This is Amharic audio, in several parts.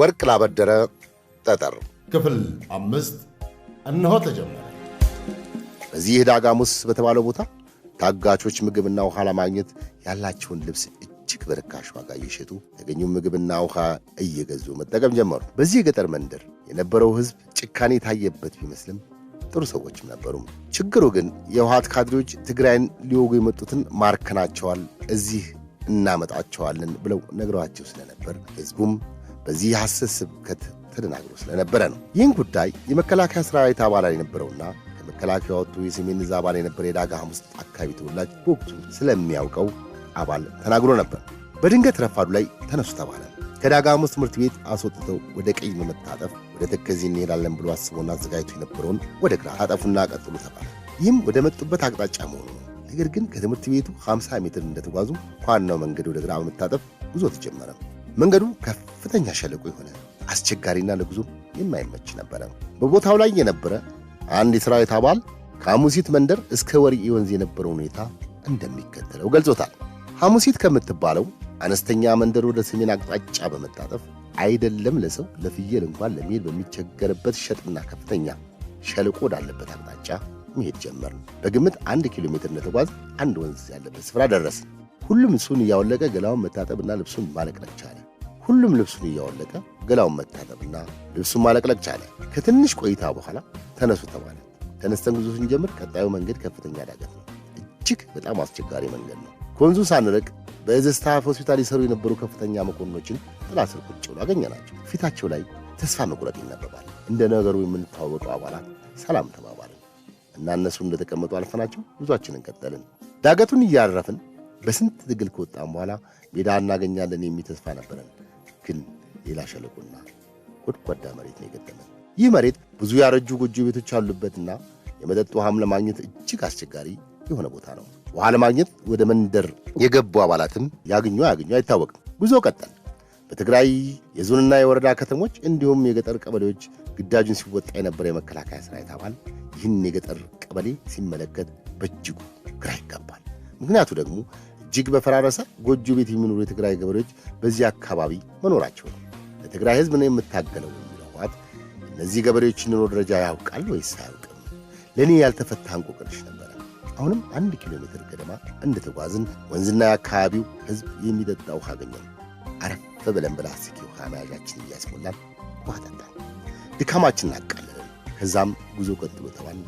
ወርቅ ላበደረ ጠጠር ክፍል አምስት እነሆ ተጀመረ። በዚህ ዳጋሙስ በተባለው ቦታ ታጋቾች ምግብና ውሃ ለማግኘት ያላቸውን ልብስ እጅግ በርካሽ ዋጋ እየሸጡ ያገኙ ምግብና ውሃ እየገዙ መጠቀም ጀመሩ። በዚህ የገጠር መንደር የነበረው ሕዝብ ጭካኔ የታየበት ቢመስልም ጥሩ ሰዎችም ነበሩ። ችግሩ ግን የውሃት ካድሬዎች ትግራይን ሊወጉ የመጡትን ማርከናቸዋል፣ እዚህ እናመጣቸዋለን ብለው ነግረዋቸው ስለነበር ሕዝቡም በዚህ የሐሰት ስብከት ተደናግሮ ስለነበረ ነው። ይህን ጉዳይ የመከላከያ ሰራዊት አባል የነበረውና ከመከላከያ ወጥቶ የሰሜን ዕዝ አባል የነበረ የዳጋ ሐሙስ አካባቢ ተወላጅ በወቅቱ ስለሚያውቀው አባል ተናግሮ ነበር። በድንገት ረፋዱ ላይ ተነሱ ተባለ። ከዳጋ ሐሙስ ትምህርት ቤት አስወጥተው ወደ ቀኝ በመታጠፍ ወደ ተከዜ እንሄዳለን ብሎ አስቦና አዘጋጅቶ የነበረውን ወደ ግራ ታጠፉና ቀጥሉ ተባለ። ይህም ወደ መጡበት አቅጣጫ መሆኑ ነው። ነገር ግን ከትምህርት ቤቱ 50 ሜትር እንደተጓዙ ከዋናው መንገድ ወደ ግራ በመታጠፍ ጉዞ ተጀመረም። መንገዱ ከፍተኛ ሸለቆ የሆነ አስቸጋሪና ለጉዞ የማይመች ነበረ። በቦታው ላይ የነበረ አንድ የሰራዊት አባል ከሐሙሲት መንደር እስከ ወርኤ ወንዝ የነበረው ሁኔታ እንደሚከተለው ገልጾታል። ሐሙሲት ከምትባለው አነስተኛ መንደር ወደ ሰሜን አቅጣጫ በመጣጠፍ አይደለም ለሰው ለፍየል እንኳን ለመሄድ በሚቸገርበት ሸጥና ከፍተኛ ሸለቆ ወዳለበት አቅጣጫ መሄድ ጀመርን። በግምት አንድ ኪሎ ሜትር እንደተጓዝ አንድ ወንዝ ያለበት ስፍራ ደረስን። ሁሉም እሱን እያወለቀ ገላውን መታጠብና ልብሱን ማለቅ ነቻለ። ሁሉም ልብሱን እያወለቀ ገላውን መታጠብና ልብሱን ማለቅለቅ ቻለ። ከትንሽ ቆይታ በኋላ ተነሱ ተባለ። ተነስተን ጉዞ ስንጀምር ቀጣዩ መንገድ ከፍተኛ ዳገት ነው። እጅግ በጣም አስቸጋሪ መንገድ ነው። ከወንዙ ሳንርቅ በዘስታፍ ሆስፒታል ይሰሩ የነበሩ ከፍተኛ መኮንኖችን ጥላ ስር ቁጭ ብሎ አገኘናቸው። ፊታቸው ላይ ተስፋ መቁረጥ ይነበባል። እንደ ነገሩ የምንተዋወቀው አባላት ሰላም ተባባልን እና እነሱ እንደተቀመጡ አልፈናቸው ጉዟችንን ቀጠልን። ዳገቱን እያረፍን በስንት ትግል ከወጣን በኋላ ሜዳ እናገኛለን የሚተስፋ ነበረን። ግን ሌላ ሸለቆና ጎድጓዳ መሬት ነው የገጠመን። ይህ መሬት ብዙ ያረጁ ጎጆ ቤቶች ያሉበትና የመጠጥ ውሃም ለማግኘት እጅግ አስቸጋሪ የሆነ ቦታ ነው። ውሃ ለማግኘት ወደ መንደር የገቡ አባላትም ያግኙ አያግኙ አይታወቅም። ጉዞ ቀጠል በትግራይ የዞንና የወረዳ ከተሞች እንዲሁም የገጠር ቀበሌዎች ግዳጁን ሲወጣ የነበረ የመከላከያ ሰራዊት አባል ይህን የገጠር ቀበሌ ሲመለከት በእጅጉ ግራ ይጋባል። ምክንያቱ ደግሞ እጅግ በፈራረሰ ጎጆ ቤት የሚኖሩ የትግራይ ገበሬዎች በዚህ አካባቢ መኖራቸው ነው። ለትግራይ ህዝብ ነው የምታገለው የሚለው ህወሓት እነዚህ ገበሬዎች ኑሮ ደረጃ ያውቃል ወይስ አያውቅም? ለእኔ ያልተፈታ እንቆቅልሽ ነበረ። አሁንም አንድ ኪሎ ሜትር ገደማ እንደተጓዝን ወንዝና የአካባቢው ህዝብ የሚጠጣ ውሃ አገኘን። አረፍ ብለን በላስቲክ ውሃ መያዣችን እያስሞላን ውሃ ጠጣን። ድካማችን አቃለልን። ከዛም ጉዞ ቀጥሎ ተባልን፣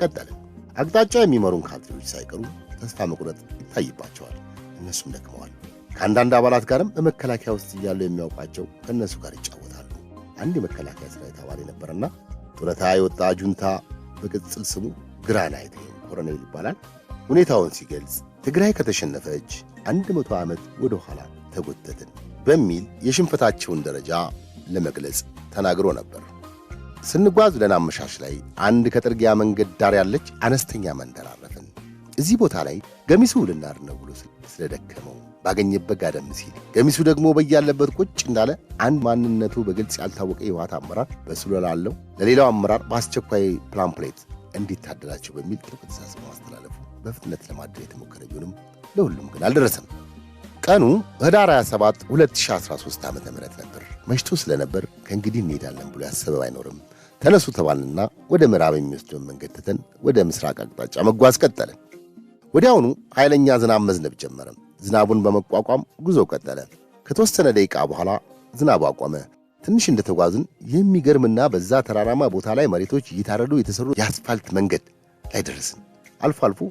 ቀጠልን። አቅጣጫ የሚመሩን ካድሬዎች ሳይቀሩ ተስፋ መቁረጥ ይታይባቸዋል። እነሱም ደክመዋል። ከአንዳንድ አባላት ጋርም በመከላከያ ውስጥ እያሉ የሚያውቋቸው ከእነሱ ጋር ይጫወታሉ። አንድ የመከላከያ ሰራዊት አባል የነበረና ጡረታ የወጣ ጁንታ በቅጽል ስሙ ግራናይት ኮሎኔል ይባላል። ሁኔታውን ሲገልጽ ትግራይ ከተሸነፈች አንድ መቶ ዓመት ወደ ኋላ ተጎተትን በሚል የሽንፈታቸውን ደረጃ ለመግለጽ ተናግሮ ነበር። ስንጓዝ ለናመሻሽ ላይ አንድ ከጥርጊያ መንገድ ዳር ያለች አነስተኛ መንደር አረፈ። እዚህ ቦታ ላይ ገሚሱ ልናር ነው ብሎ ስለደከመው ባገኘበት ጋደም ሲል ገሚሱ ደግሞ በያለበት ቁጭ እንዳለ አንድ ማንነቱ በግልጽ ያልታወቀ የህወሓት አመራር በሱ ላለው ለሌላው አመራር በአስቸኳይ ፕላምፕሌት እንዲታደላቸው በሚል ጥብቅ ትእዛዝ በፍጥነት ለማደር የተሞከረ ቢሆንም ለሁሉም ግን አልደረሰም። ቀኑ ህዳር 27 2013 ዓ ም ነበር። መሽቶ ስለነበር ከእንግዲህ እንሄዳለን ብሎ ያሰበብ አይኖርም። ተነሱ ተባልንና ወደ ምዕራብ የሚወስደውን መንገድ ትተን ወደ ምስራቅ አቅጣጫ መጓዝ ቀጠልን። ወዲያውኑ ኃይለኛ ዝናብ መዝነብ ጀመረ። ዝናቡን በመቋቋም ጉዞ ቀጠለ። ከተወሰነ ደቂቃ በኋላ ዝናቡ አቆመ። ትንሽ እንደተጓዝን የሚገርምና በዛ ተራራማ ቦታ ላይ መሬቶች እየታረዱ የተሰሩ የአስፋልት መንገድ ላይ ደረስን። አልፎ አልፎ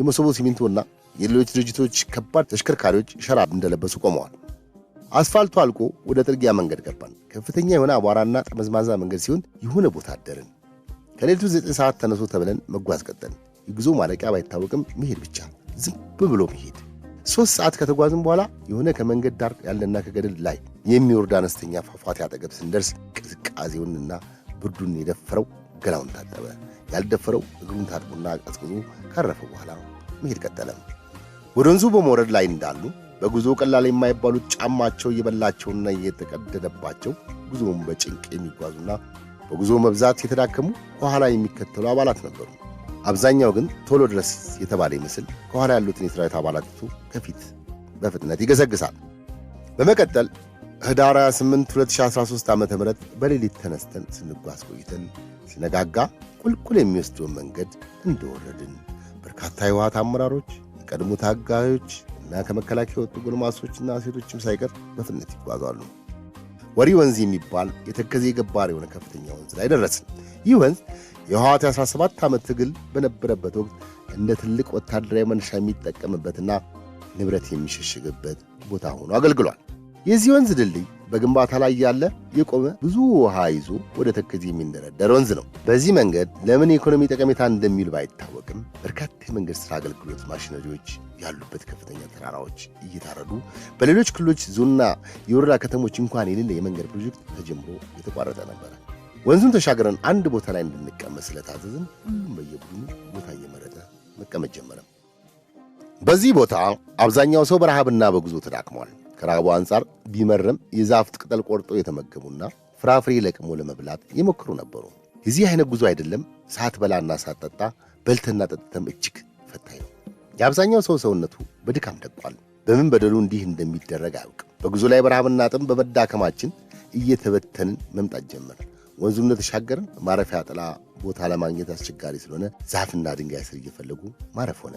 የመሰቦ ሲሚንቶና የሌሎች ድርጅቶች ከባድ ተሽከርካሪዎች ሸራ እንደለበሱ ቆመዋል። አስፋልቱ አልቆ ወደ ጥርጊያ መንገድ ገባን። ከፍተኛ የሆነ አቧራና ጠመዝማዛ መንገድ ሲሆን የሆነ ቦታ አደርን። ከሌሊቱ ዘጠኝ ሰዓት ተነሶ ተብለን መጓዝ ቀጠልን። የጉዞ ማለቂያ ባይታወቅም መሄድ ብቻ ዝም ብሎ መሄድ። ሶስት ሰዓት ከተጓዝም በኋላ የሆነ ከመንገድ ዳር ያለና ከገደል ላይ የሚወርድ አነስተኛ ፏፏቴ አጠገብ ስንደርስ ቅዝቃዜውንና ብርዱን የደፈረው ገላውን ታጠበ። ያልደፈረው እግሩን ታጥቦና አቀዝቅዞ ካረፈ በኋላ መሄድ ቀጠለም። ወደ ወንዙ በመውረድ ላይ እንዳሉ በጉዞ ቀላል የማይባሉት ጫማቸው እየበላቸውና እየተቀደደባቸው ጉዞውን በጭንቅ የሚጓዙና በጉዞ መብዛት የተዳከሙ ከኋላ የሚከተሉ አባላት ነበሩ። አብዛኛው ግን ቶሎ ድረስ የተባለ ይመስል ከኋላ ያሉትን የሰራዊት አባላቱ ከፊት በፍጥነት ይገሰግሳል። በመቀጠል ህዳር 28 2013 ዓ ም በሌሊት ተነስተን ስንጓዝ ቆይተን ሲነጋጋ ቁልቁል የሚወስደውን መንገድ እንደወረድን በርካታ የህወሓት አመራሮች፣ የቀድሞ ታጋዮች እና ከመከላከያ የወጡ ጎልማሶችና ሴቶችም ሳይቀር በፍጥነት ይጓዛሉ። ወሪ ወንዝ የሚባል የተከዜ ገባር የሆነ ከፍተኛ ወንዝ ላይ ደረስን። ይህ ወንዝ የህወሓት 17 ዓመት ትግል በነበረበት ወቅት እንደ ትልቅ ወታደራዊ መነሻ የሚጠቀምበትና ንብረት የሚሸሽግበት ቦታ ሆኖ አገልግሏል። የዚህ ወንዝ ድልድይ በግንባታ ላይ ያለ የቆመ ብዙ ውሃ ይዞ ወደ ተከዜ የሚንደረደር ወንዝ ነው። በዚህ መንገድ ለምን የኢኮኖሚ ጠቀሜታ እንደሚውል ባይታወቅም በርካታ የመንገድ ስራ አገልግሎት ማሽነሪዎች ያሉበት ከፍተኛ ተራራዎች እየታረዱ በሌሎች ክልሎች ዞንና የወረዳ ከተሞች እንኳን የሌለ የመንገድ ፕሮጀክት ተጀምሮ የተቋረጠ ነበረ። ወንዙን ተሻገረን አንድ ቦታ ላይ እንድንቀመጥ ስለታዘዝን ሁሉም በየቡድኑ ቦታ እየመረጠ መቀመጥ ጀመረም። በዚህ ቦታ አብዛኛው ሰው በረሃብና በጉዞ ተዳክሟል። ከረሃቡ አንጻር ቢመርም የዛፍት ቅጠል ቆርጦ የተመገቡና ፍራፍሬ ለቅሞ ለመብላት የሞክሩ ነበሩ። የዚህ አይነት ጉዞ አይደለም ሰዓት ሳትጠጣ በልተና ጠጥተም እጅግ ፈታኝ ነው። የአብዛኛው ሰው ሰውነቱ በድካም ደቋል። በምን በደሉ እንዲህ እንደሚደረግ አያውቅም። በጉዞ ላይ በረሃብና ጥም በመዳከማችን እየተበተንን መምጣት ጀመር። ወንዙን እንደተሻገርን ማረፊያ ጥላ ቦታ ለማግኘት አስቸጋሪ ስለሆነ ዛፍና ድንጋይ ስር እየፈለጉ ማረፍ ሆነ።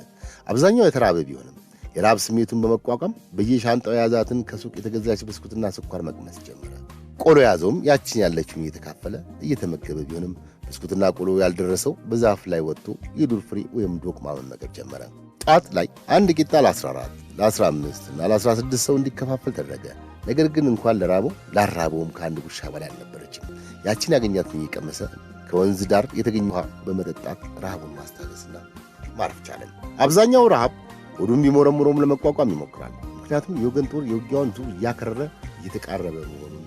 አብዛኛው የተራበ ቢሆንም የራብ ስሜቱን በመቋቋም በየሻንጣው የያዛትን ከሱቅ የተገዛች ብስኩትና ስኳር መቅመስ ጀመረ። ቆሎ የያዘውም ያችን ያለችውን እየተካፈለ እየተመገበ ቢሆንም ብስኩትና ቆሎ ያልደረሰው በዛፍ ላይ ወጥቶ የዱር ፍሬ ወይም ዶቅማ መመገብ ጀመረ። ጣት ላይ አንድ ቂጣ ለ14 ለ15 እና ለ16 ሰው እንዲከፋፈል ተደረገ። ነገር ግን እንኳን ለራበው ላራበውም ከአንድ ጉሻ በላይ አልነበረችም። ያችን ያገኛትን እየቀመሰ ከወንዝ ዳር የተገኘ ውሃ በመጠጣት ረሃቡን ማስታገስና ማረፍ ቻለን። አብዛኛው ረሃብ ወዱም ቢሞረሙረውም ለመቋቋም ይሞክራል። ምክንያቱም የወገን ጦር የውጊያውን ዙር እያከረረ እየተቃረበ መሆኑን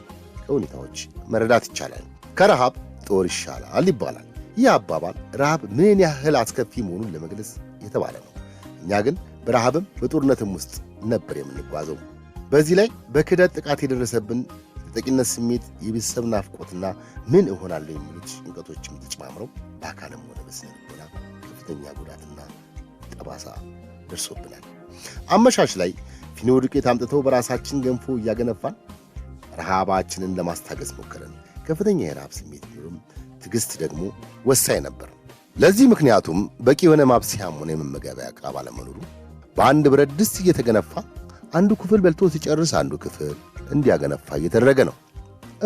ከሁኔታዎች መረዳት ይቻላል። ከረሃብ ጦር ይሻላል ይባላል። ይህ አባባል ረሃብ ምን ያህል አስከፊ መሆኑን ለመግለጽ የተባለ ነው። እኛ ግን በረሃብም በጦርነትም ውስጥ ነበር የምንጓዘው። በዚህ ላይ በክህደት ጥቃት የደረሰብን ተጠቂነት ስሜት፣ የቤተሰብ ናፍቆትና ምን እሆናለሁ የሚሉት ጭንቀቶችም ተጨማምረው በአካልም ሆነ በስነ ልቦና ከፍተኛ ጉዳትና ጠባሳ ደርሶብናል። አመሻሽ ላይ ፊኖ ዱቄት አምጥተው በራሳችን ገንፎ እያገነፋን ረሃባችንን ለማስታገስ ሞከረን። ከፍተኛ የረሃብ ስሜት ቢኖርም ትዕግስት ደግሞ ወሳኝ ነበር። ለዚህ ምክንያቱም በቂ የሆነ ማብሰያም ሆነ የመመገቢያ ዕቃ ባለመኖሩ በአንድ ብረት ድስት እየተገነፋ አንዱ ክፍል በልቶ ሲጨርስ አንዱ ክፍል እንዲያገነፋ እየተደረገ ነው።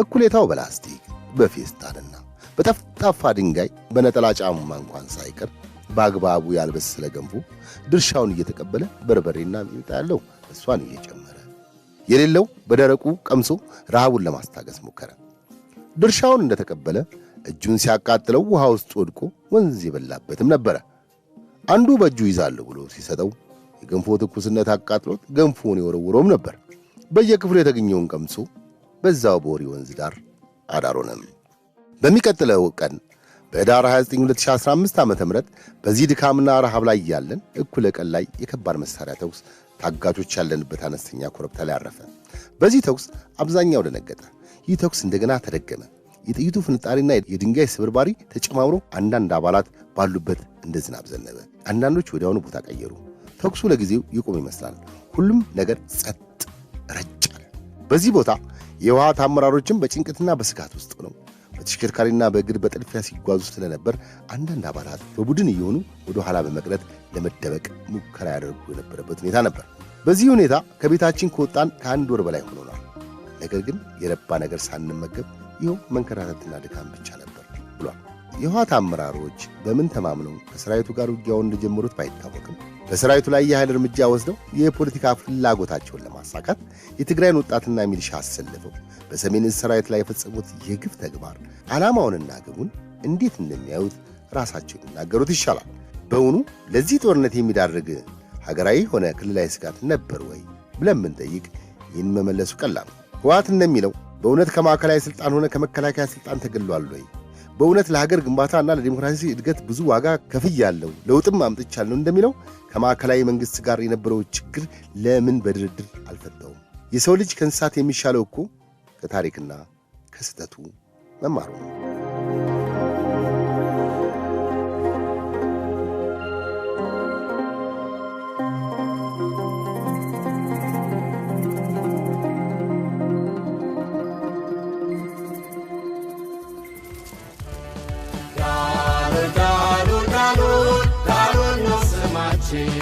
እኩሌታው በላስቲክ በፌስታልና በጠፍጣፋ ድንጋይ በነጠላ ጫማ እንኳን ሳይቀር በአግባቡ ያልበሰለ ገንፎ ድርሻውን እየተቀበለ በርበሬና ሚጥሚጣ ያለው እሷን እየጨመረ የሌለው በደረቁ ቀምሶ ረሃቡን ለማስታገስ ሞከረ። ድርሻውን እንደተቀበለ እጁን ሲያቃጥለው ውሃ ውስጥ ወድቆ ወንዝ የበላበትም ነበረ። አንዱ በእጁ ይዛለሁ ብሎ ሲሰጠው የገንፎ ትኩስነት አቃጥሎት ገንፎውን የወረውረውም ነበር። በየክፍሉ የተገኘውን ቀምሶ በዛው በወሪ ወንዝ ዳር አዳሮነም። በሚቀጥለው ቀን በኅዳር 29 2015 ዓ ም በዚህ ድካምና ረሃብ ላይ እያለን እኩለ ቀን ላይ የከባድ መሳሪያ ተኩስ ታጋቾች ያለንበት አነስተኛ ኮረብታ ላይ አረፈ። በዚህ ተኩስ አብዛኛው ደነገጠ። ይህ ተኩስ እንደገና ተደገመ። የጥይቱ ፍንጣሪና የድንጋይ ስብርባሪ ተጨማምሮ አንዳንድ አባላት ባሉበት እንደ ዝናብ ዘነበ። አንዳንዶች ወዲያውኑ ቦታ ቀየሩ። ተኩሱ ለጊዜው ይቆም ይመስላል። ሁሉም ነገር ጸጥ ረጫል። በዚህ ቦታ የውሃ አመራሮችም በጭንቀትና በስጋት ውስጥ ነው። በተሽከርካሪና በእግር በጥድፊያ ሲጓዙ ስለነበር አንዳንድ አባላት በቡድን እየሆኑ ወደ ኋላ በመቅረት ለመደበቅ ሙከራ ያደርጉ የነበረበት ሁኔታ ነበር። በዚህ ሁኔታ ከቤታችን ከወጣን ከአንድ ወር በላይ ሆኖናል። ነገር ግን የረባ ነገር ሳንመገብ ይኸው መንከራተትና ድካም ብቻ ነበር ብሏል። የህወሓት አመራሮች በምን ተማምነው ከሰራዊቱ ጋር ውጊያውን እንደጀመሩት ባይታወቅም በሰራዊቱ ላይ የኃይል እርምጃ ወስደው የፖለቲካ ፍላጎታቸውን ለማሳካት የትግራይን ወጣትና ሚሊሻ አሰልፈው በሰሜን እዝ ሰራዊት ላይ የፈጸሙት የግፍ ተግባር ዓላማውንና ግቡን እንዴት እንደሚያዩት ራሳቸው የሚናገሩት ይሻላል። በውኑ ለዚህ ጦርነት የሚዳርግ ሀገራዊ ሆነ ክልላዊ ስጋት ነበር ወይ ብለን ብንጠይቅ ይህን መመለሱ ቀላል ነው። ህወሓት እንደሚለው በእውነት ከማዕከላዊ ሥልጣን ሆነ ከመከላከያ ሥልጣን ተገሏል ወይ በእውነት ለሀገር ግንባታ እና ለዲሞክራሲ እድገት ብዙ ዋጋ ከፍያለሁ፣ ለውጥም አምጥቻለሁ እንደሚለው ከማዕከላዊ መንግስት ጋር የነበረው ችግር ለምን በድርድር አልፈታውም? የሰው ልጅ ከእንስሳት የሚሻለው እኮ ከታሪክና ከስህተቱ መማሩ ነው። city.